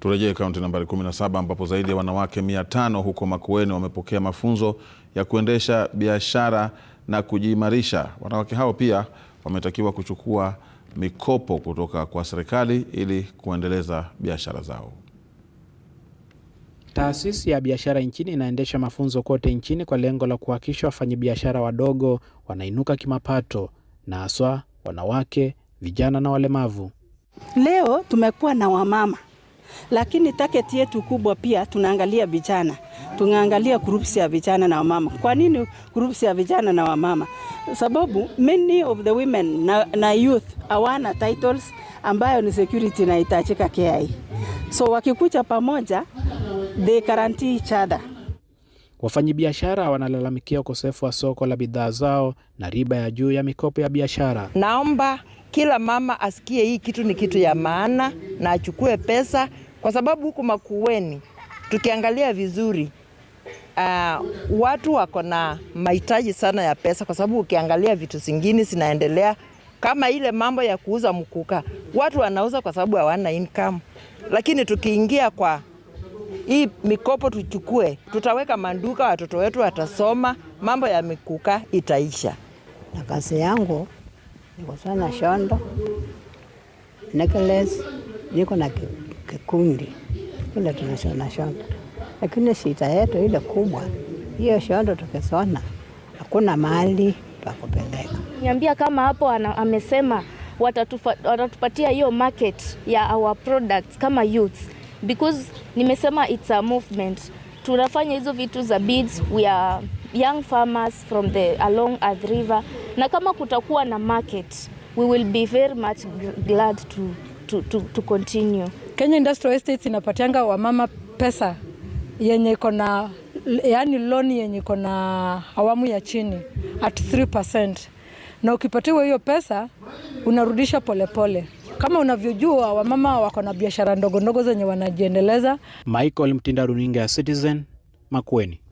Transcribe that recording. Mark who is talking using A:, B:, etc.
A: Turejee kaunti nambari 17 ambapo zaidi ya wanawake 500 huko Makueni wamepokea mafunzo ya kuendesha biashara na kujiimarisha. Wanawake hao pia wametakiwa kuchukua mikopo kutoka kwa serikali ili kuendeleza biashara zao.
B: Taasisi ya biashara nchini inaendesha mafunzo kote nchini kwa lengo la kuhakikisha wafanyabiashara wadogo wanainuka kimapato na haswa wanawake, vijana na walemavu.
C: Leo tumekuwa na wamama lakini target yetu kubwa pia tunaangalia vijana, tunaangalia groups ya vijana na wamama. Kwa nini groups ya vijana na wamama? Sababu many of the women na, na youth hawana titles ambayo ni security inahitajika KI, so wakikuja pamoja they guarantee each other.
B: Wafanyabiashara wanalalamikia ukosefu wa soko la bidhaa zao na riba ya juu ya mikopo ya biashara.
D: Naomba kila mama asikie hii kitu ni kitu ya maana na achukue pesa, kwa sababu huku Makueni tukiangalia vizuri Uh, watu wako na mahitaji sana ya pesa, kwa sababu ukiangalia vitu zingine zinaendelea kama ile mambo ya kuuza mkuka, watu wanauza kwa sababu hawana income. Lakini tukiingia kwa hii mikopo tuchukue, tutaweka manduka, watoto wetu watasoma, mambo ya mikuka itaisha.
E: Na kazi yangu Nikosana shondo nekeles, niko na kikundi kile tunashona shondo, lakini shita yetu ile kubwa hiyo shondo tukisona hakuna mahali pa kupeleka.
F: Niambia kama hapo ana, amesema watatupatia hiyo market ya our products kama youths because nimesema it's a movement. Tunafanya hizo vitu za beads, we are young farmers from the along Athi River na kama kutakuwa na market we will be very much glad to, to, to, to continue.
G: Kenya Industrial Estates inapatianga wamama pesa yenye iko na yani loan yenye iko na awamu ya chini at 3%, na ukipatiwa hiyo pesa unarudisha polepole pole. Kama unavyojua wamama wako na biashara ndogo ndogo zenye wanajiendeleza.
B: Michael Mtinda, runinga ya Citizen, Makueni.